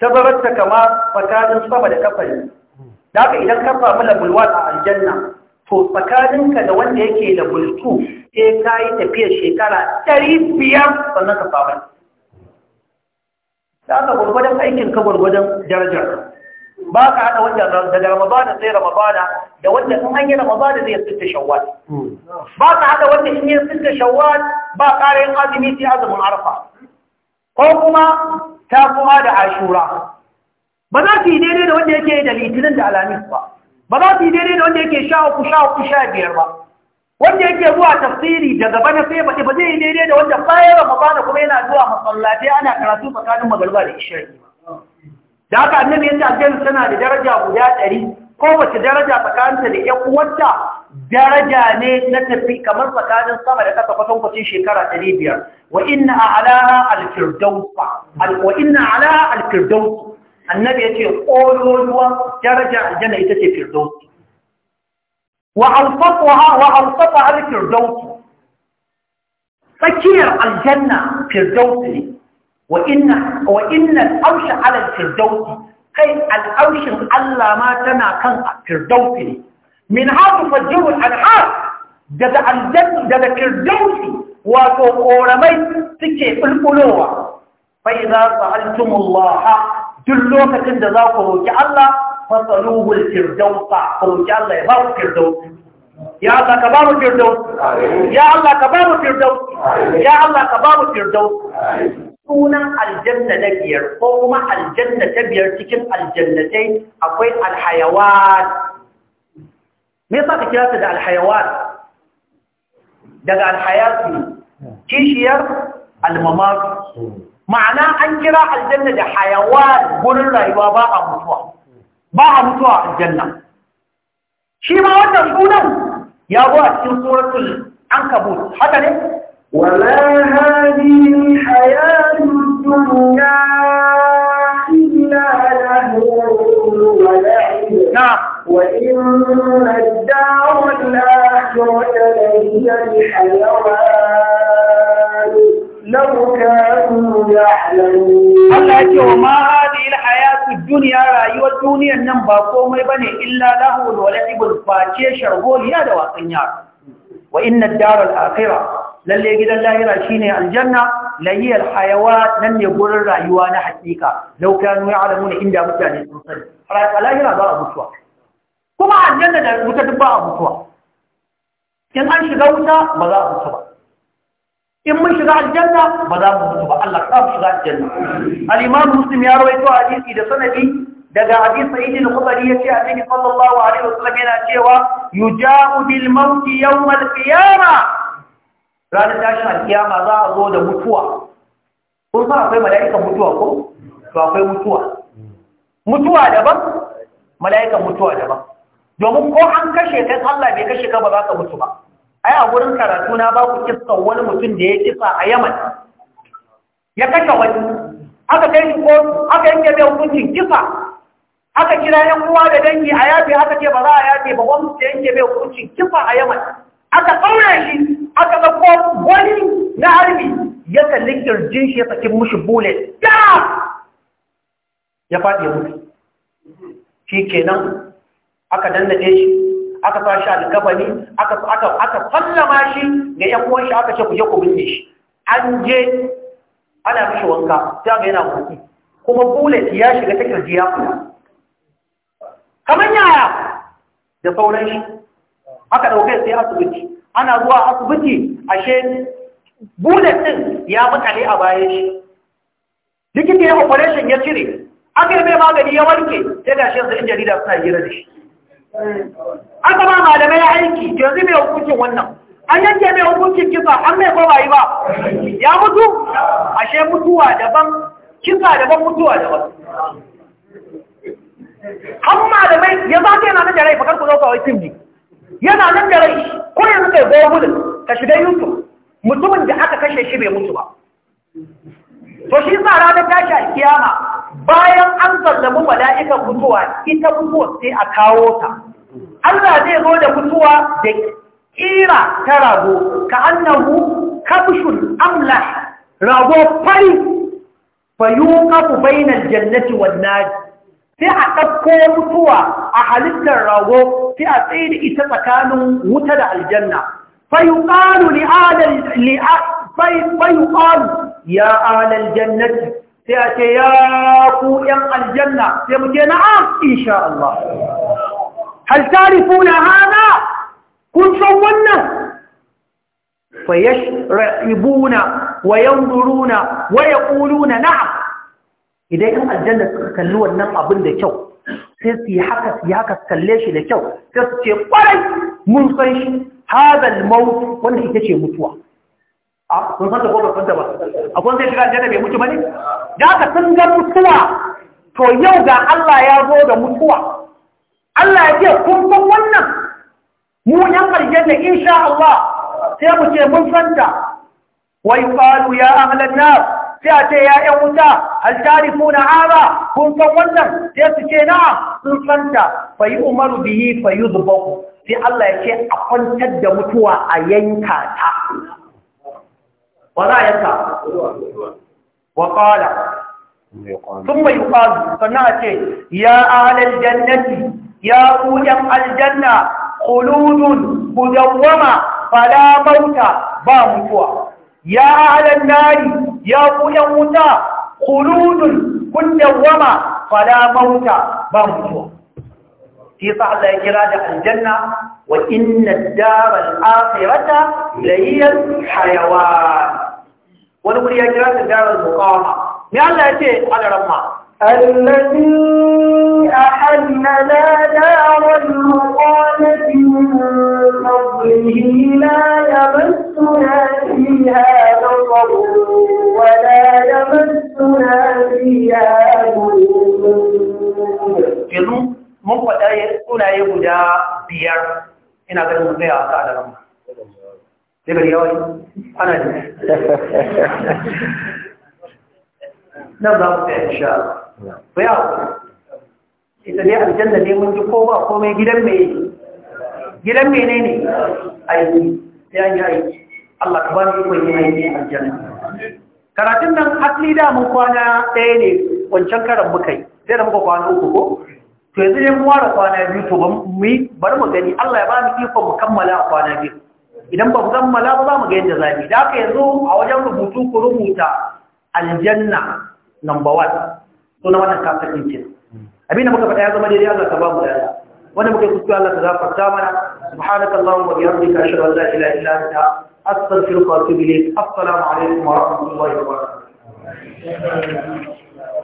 A: tabararta kama tsakanin sama da kafari da haka idan ka samu labulwa a aljanna to tsakaninka da wanda yake labultu sai ka yi tafiyar shekara ɗari biyar sannan ka samu da aka gwargwadon aikin ka gwargwadon darajar ba ka haɗa wanda daga ramadana sai ramadana da wanda sun hanyar yi ramadana zai sinta shawwal ba ka haɗa wanda in yi sinta shawwal ba ƙara yin azumi sai azumin arfa ko kuma ta kuma da ashura ba za su yi daidai da wanda yake da litinin da alamis ba ba za su yi daidai da wanda yake sha uku sha uku sha biyar ba wanda yake zuwa tafsiri daga bana sai baɗi ba zai yi daidai da wanda bayan ramadana kuma yana zuwa masallaci ana karatu tsakanin magariba da isha'i da haka annabi yadda aljanna tana da daraja guda ɗari kowace daraja tsakaninta da ƴan uwarta daraja ne na tafi kamar tsakanin sama da kasa kwatankwacin shekara 500 wa inna a'laha al-firdausa wa inna a'laha al-firdaus annabi yace kololuwa daraja aljanna ita ce firdaus wa awsatuha wa awsatuha al-firdaus tsakiyar aljanna firdaus ne wa inna wa inna al-awsha ala al-firdaus kai al-awshin Allah ma tana kan firdaus ne min ha tufajjirul anhar daga aljanna daga kirdausi wato koramai suke bulbulowa fa idza Allah duk lokacin da za ku roki Allah fasaluhu al-firdausa ku roki Allah ya ba ku firdausi ya Allah ka ba mu firdausi ya Allah ka ba mu firdausi ya Allah ka ba mu firdausi sunan aljanna na biyar ko kuma aljanna ta biyar cikin aljannatai akwai alhayawan me yasa ka kira ta da alhayawan daga alhayatu kishiyar almamat ma'ana an kira aljanna da hayawan gurin rayuwa ba a mutuwa ba a mutuwa aljanna shi ma wannan sunan ya zo a cikin suratul ankabut haka ne wala hadhihi alhayatu dunya وإن الدار الآخرة هي الحيوان لو كانوا يعلمون الله يقول ما هذه الحياة الدنيا رأيوة الدنيا نمبا قومي بني إلا له ولعب الفاتية شرغول يا دواقين يا وإن الدار الآخرة lalle gidan lahira shine aljanna lahiyal hayawa nan ne gurin rayuwa na hakika law kanu ya'lamuna inda mutane sun sani har lahira ba a mutuwa kuma aljanna da wuta duk ba a mutuwa in an shiga wuta ba za a mutu ba in mun shiga aljanna ba za mu mutu ba Allah ka shiga aljanna al-imam muslim ya rawaito hadisi da sanadi daga Hadis hadisi sayyidin khudari yace annabi sallallahu alaihi wasallam yana cewa yuja'u bil maut yawm al-qiyamah ranar tashin alkiyama za a zo da mutuwa kun san akwai mala'ikan mutuwa ko to akwai mutuwa mutuwa daban mala'ikan mutuwa daban domin ko an kashe kai Allah bai kashe ka ba za ka mutu ba ai a gurin karatu na ba ku kissa wani mutum da ya kisa a Yaman ya kashe wani aka kai shi ko aka yanke mai hukuncin kisa aka kira yan uwa da dangi a yafe aka ce ba za a yafe ba wani yanke mai hukuncin kisa a Yaman aka kaura shi aka ɗauko wani na harbi ya kalli kirjin shi ya sakin mushi bullet da ya faɗi ya mutu shi kenan aka dandaɗe shi aka sa shi a gabani aka aka sallama shi ga ƴan shi aka ce ku je ku binne shi an je ana mishi wanka ta ga yana mutu kuma bullet ya shiga ta kirji ya kuma kamar yaya da sauran shi aka ɗauke sai asibiti ana zuwa asibiti ashe bullet din ya mutane a bayan shi likita ya operation ya cire aka yi mai magani ya warke sai ga shi yan jarida suna yi da shi aka ba malamai aiki yanzu mai hukuncin wannan an yanke mai hukuncin kisa an mai ba yi ba ya mutu ashe mutuwa daban kisa daban mutuwa daban har malamai ya ba yana na jarai fakar ku zauka wai tim ne yana nan da rai ko yanzu kai gogulin ka shiga youtube mutumin da aka kashe shi bai mutu ba to shi sa ranar tashi a kiyama bayan an sallamu mala'ikan mutuwa ita mutuwa sai a kawo ta Allah zai zo da mutuwa da kira ta rago ka annahu kabshul amla, rago fari fayuqafu bainal jannati wan nar sai a ɗauko mutuwa a halittar rago sai a tsaye da ita tsakanin wuta da aljanna fayuqalu li alal li ya alal jannati sai a ce ya ku yan aljanna sai mu ce na'am insha Allah hal tarifuna hada kun san wannan fayashribuna wa yanzuruna wa yaquluna na'am idan yan aljanna suka kalli wannan abin da kyau sai su yi haka su yi haka su kalle shi da kyau sai su ce kwarai mun san shi hazal maut wanda ita ce mutuwa a sun san da ko ba san da ba akwai zai shiga aljanna bai mutu ba ne? da haka sun ga mutuwa to yau ga Allah ya zo da mutuwa Allah ya ce kun san wannan mu yan aljanna insha Allah sai mu ce mun santa wai qalu ya ahlan nar sai a ce ya ‘yan wuta altari na ara kun san wannan sai su ce na sun santa fayi umaru biyi fayi zubaku sai Allah ya ce a kwantar da mutuwa a yanka ta ba za a yanka wa ƙala sun mai ƙwazu sannan a ce ya alal jannati ya ku aljanna kuludun ku fala mauta ba mutuwa ya ahalar nari ya kuyan wuta kuludun kun dawwama fala mauta ba mutuwa shi Allah ya kira da aljanna wa inna darar asirata layyal hayawan wani wuri ya kira da darar muqama me Allah ya ce alaramma الذي أحلنا دار المقالة من فضله لا يمسنا فيها نظر ولا يمسنا فيها نظر من قد أقول أيه جاء بيار إن هذا المنزع إن شاء الله ku aljanna ne mun ji Allah bani ikon karatun nan asali da kwana ɗaya ne wancan karan da muka kwana uku ko to yanzu ne mu kwana biyu to mu gani Allah ya ba mu ikon mu kammala a kwana biyu idan ba mu kammala ba mu ga yadda zabi da haka yanzu a wajen rubutu ku rubuta aljanna number suna wannan kafin ce abin da muka faɗa ya zama daidai Allah ta ba mu daya wanda muka kuskure Allah ta zafarta mana subhanaka allahumma wa bihamdika ashhadu an la ilaha illa anta astaghfiruka wa atubu ilayk assalamu alaikum wa rahmatullahi wa
B: barakatuh